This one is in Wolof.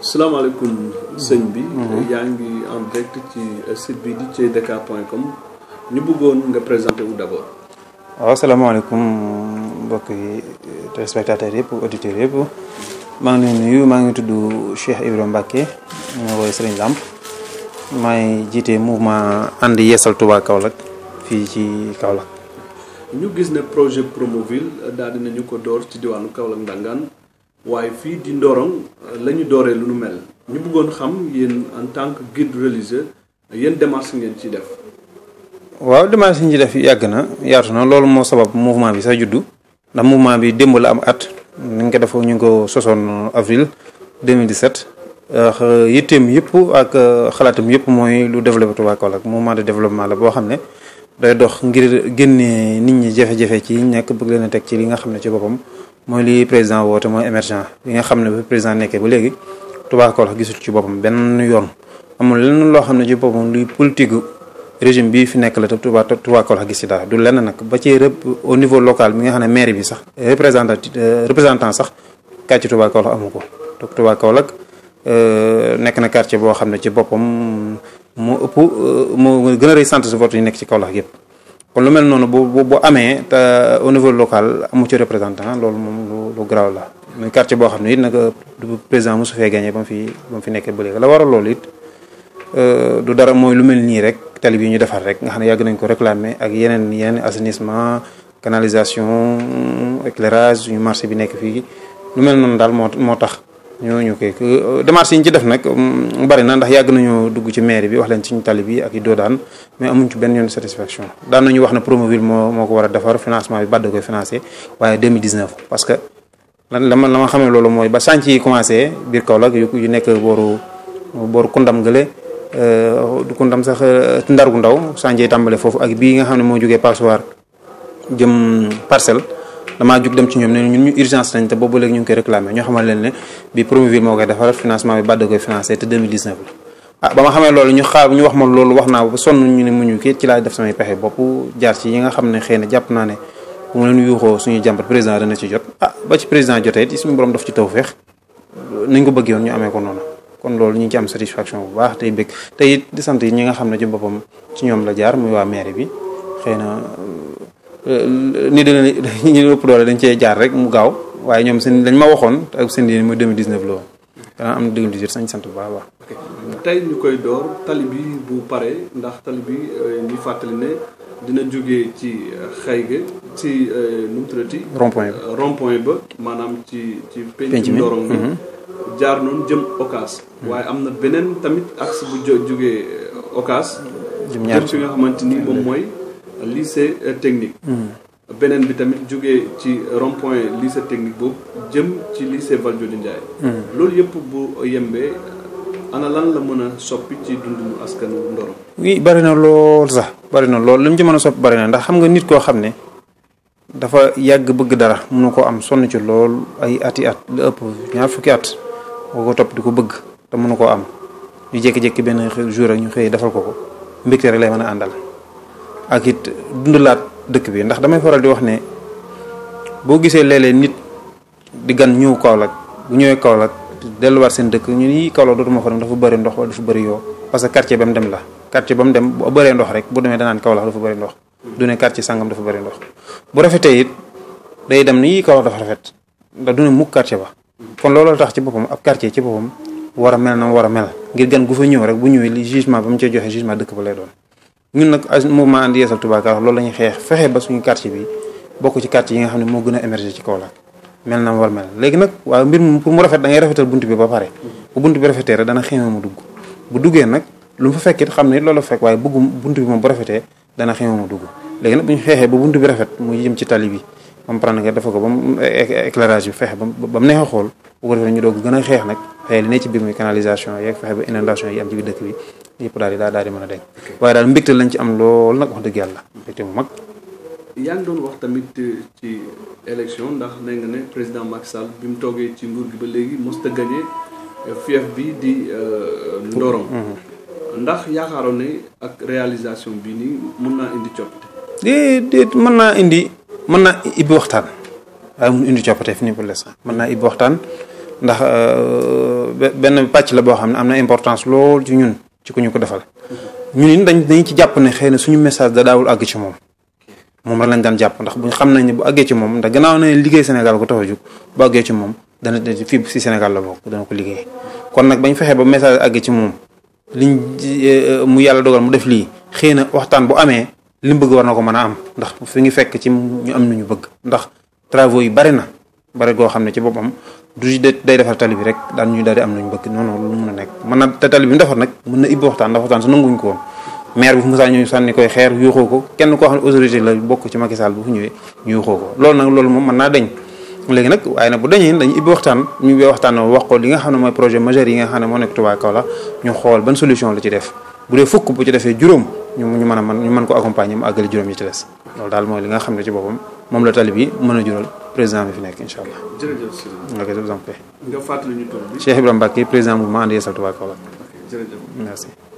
salaamaaleykum sëñ bi. Mhm. yaa ngi en direct ci site bi di ci dakar comme ñu bëggoon nga présenté wu d' abord. waaw salaamaaleykum mbokki téléspectateurs yëpp auditeurs yëpp maa ngi leen nuyu maa ngi tudd Cheikh Ibrahima Mbacke ñu ngi woowee Serigne maay jiite mouvement ànd yeesal Touba Kaolack fii ci Kaolack. ñu gis ne projet Promoville daal dinañu ko door ci diwaanu Kaolack Ndangaan. waaye fii di Ndorong euh, la ñu dooree lu nu mel ñu buggoon xam yéen en tant que guide religieux yéen démarche ngeen ci def. waaw démarche yi ñu def yàgg na yaatu na loolu moo sabab mouvement bi sax juddu ndax mouvement bi démb la am at ni nga ko defoo ñu ngi ko sosoon avril 2017. Euh, yitteem yëpp ak euh, xalaatam yëpp mooy lu développé Touba ak mouvement de développement la boo xam ne. day dox ngir génne nit ñi jafe-jafe ci nekk bëgg leen a teg ci li nga xam ne ci boppam mooy li président woote mooy émergent li nga xam ne président nekkee ba léegi Touba Kaolack gisul ci boppam benn yoon amul lenn loo xam ne ci boppam luy politique régime bi fi nekk la te Touba Touba gis ci dara du lenn nag ba ci rep au niveau local bi nga xam ne maire bi sax représentant euh, représentant sax kàcc Touba Kaolack amu ko donc Touba Kaolack euh, nekk na quartier boo xam ne ci boppam moo ëpp euh, moo gën a rëy centre yi nekk ci Kaolack yëpp kon lu mel noonu bu bu amee te au niveau local amu ci représentant loolu moom lu lu garaaw la muy quartier boo xam ne it nag euh, président mosu fee gagné ba mu fi ba mu fi nekkee ba léegi la waral loolu it euh, du dara mooy lu mel nii rek tali bi ñu defar rek nga xam ne yàgg nañ ko réclamer ak yeneen yeneen assainissement canalisation éclairage suñu marché bi nekk fii lu mel noonu daal moo moo tax ñooñu kay démarches yi ñu ci def nag mm, bari na ndax yàgg nañu dugg ci mairie bi wax leen ñu tali bi ak i doodaan mais amuñ ci benn yoon satisfaction daan nañu wax ne Promoville moo moo ko war a defar financement bi Badda koy financé waaye 2019 parce que lan la ma la ma xamee loolu mooy ba sànc yi commencé biir Kaolack yu nekk booru booru Koundam gële euh, du Koundam sax euh, Ndar gu ndaw sànc yi tàmbale foofu ak bii nga xam ne moo jógee Passoir jëm parcelle. damaa jug dem ci ñoom ne ñun ñu urgence lañ te boobu léegi ñu ngi koy réclamé ñoo xamal leen ne bi Promoville moo koy defar financement bi ah ba ma xamee loolu ñu xaar ñu wax naa ñu ne muñu kii ci laay def samay pexe bopp jaar ci yi nga xam ne xëy na jàpp naa ne bu ma leen yuuxoo suñu jàmbat président dana ci jot ah nañ ko bëggee woon ñu amee ko noonu kon loolu ñu ngi ci am satisfaction bu baax tey bëgg tey di sant yi ñi nga xam ne ci boppam ci ñoom la jaar muy waa mairie bi xëy na Euh, ni da leen ñi ëpp doole dañ cee jaar rek mu gaaw waaye ñoom seen lañ ma waxoon ak seen yéen mooy 2019 la woon. dana am 2018 sañ sant bu baax a tey ñu koy door tali bi bu pare ndax tali bi euh, ñu fàttali ne dina jóge ci euh, xëy ci nu mu tuddati. rond ba maanaam ci ci. penc mi ndorong bi mhm. jaar noonu jëm Ocass. waaye am na beneen tamit axe bu jógee Ocass. jëm ñaar jëm fi nga xamante ni moom mooy. lycée euh, technique hmm. benen bi tamit jógee ci rond point lycée technique bob jëm ci lycée Valdiodio Ndiaye hmm. loolu yépp bu yembé ana lan la mëna a soppi ci dundunu askan ndoro wi bari na lool sax bari na lool lim ci mëna soppi bari na ndax xam nga nit ko xamné dafa yàgg bëgg dara mënu ko am sonn ci lool ay ati at le ëpp ñaar fukki at nga ko top di bëgg ta mënu ko am ñu jékki-jékki ben jour ak ñu xey defal ko ko mbikté rek lay mëna andal ak it dundalaat dëkk bi ndax damay faral di wax ne boo gisee léeg nit di gan ñëw Kaolack bu ñëwee Kaolack delluwaat seen dëkk ñu ni Kaolack dootuma fa dem dafa bëri ndox wala dafa bëri yoo parce que quartier bam dem la quartier bam dem bu bëree ndox rek bu demee danaan Kaolack dafa bëri ndox du ne quartier sangam dafa bëri ndox bu rafetee it day dem ni Kaolack dafa rafet ndax du ne mukk quartier ba kon loolu tax ci boppam ab quartier ci boppam war a mel na war a mel ngir gan gu fa ñëw rek bu ñëwee li jugement ba mu cee joxe jugement dëkk ba lay doon ñun nag as mouvement And Yeesal Touba loolu la ñuy xeex fexe ba suñu quartier bi bokk ci quartier yi nga xam ne moo gën a émerger ci Kaolack mel na war mel léegi nag waaw mbir mi pour mu rafet da rafetal bunt bi ba pare bu bunt bi rafetee rek dana xéema mu dugg bu duggee nag lu mu fa xam ne loolu fekk waaye bëggu bunt bi moom bu rafetee dana xéema mu dugg léegi nag bu ñu xeexee ba bunt bi rafet mu jëm ci tali bi comprendre nga dafa ko ba mu éclairage bi fexe ba mu neex a xool bu ko ñu doog gën a xeex nag xëy li ne ci biir muy canalisation yeeg fexe ba inondation yi am ci biir dëkk bi di pulari da dari mana dégg waaye dal mbikt lañ ci am lool nak wax deug yalla mbégte mu mag. yaa ngi doon wax tamit ci election ndax ne nga ne president Macky Sall bimu toge ci nguur gi ba legui musta a gagné eh, fief bi di eh, ndorom mhm. ndax yaakaaroon ne ak réalisation bi ni mën naa indi coppite. déedéet mën naa indi mën naa ibi waxtaan waaye mun indi coppite fi ni pour l'instant mën naa ibi waxtaan ndax eh, benn pàcc la boo xam ne am na importance lool ci ñun. ci ku ñu ko defal ñun it dañ dañ ci jàpp ne xëy na suñu message da daawul àgg ci moom moom rek lañ daan jàpp ndax buñ xam nañ ne bu àggee ci moom ndax gannaaw ne liggéey Sénégal ko tax a jóg bu àggee ci moom dana fii si Sénégal la bokk dana ko liggéey kon nag bañ fexe ba message àgg ci moom liñ eh, eh, mu yàlla dogal mu def lii xëy na waxtaan bu amee li mu bëgg war na ko mën a am ndax fi ngi fekk ci ñu am nañu bëgg ndax travaux yi bari na bari goo xam ne ci boppam du day defar tali bi rek daal ñuy daal di am nañ bëgg non non lu mën a nekk mën na te mu defar nag mën na ibbi waxtaan ndax waxtaan su nanguñ ko woon maire bi fu mu koy xeer yuuxoo ko kenn koo xam ne autorité la bokk ci Macky Sall bu fu ñëwee ñu yuuxoo ko loolu nag loolu moom mën naa deñ léegi nag waaye nag bu dañee dañu ibbi waxtaan ñu ibbi waxtaan wax ko li nga xam ne mooy projet majeur yi nga xam ne moo nekk Touba Kaolack ñu xool ban solution la ci def bu dee fukk bu defee juróom ñu ñu mën a mën ñu mën ko accompagner loolu daal mooy li nga xam ne ci boppam moom la tali bi mën a jural président bi fi nekk incha allah. jërëjëf Serigne. nga ko nga fàttali ñu tur bi. Cheikh Ibrahima Mbacke président mouvement And Yeesal Touba Kaolack.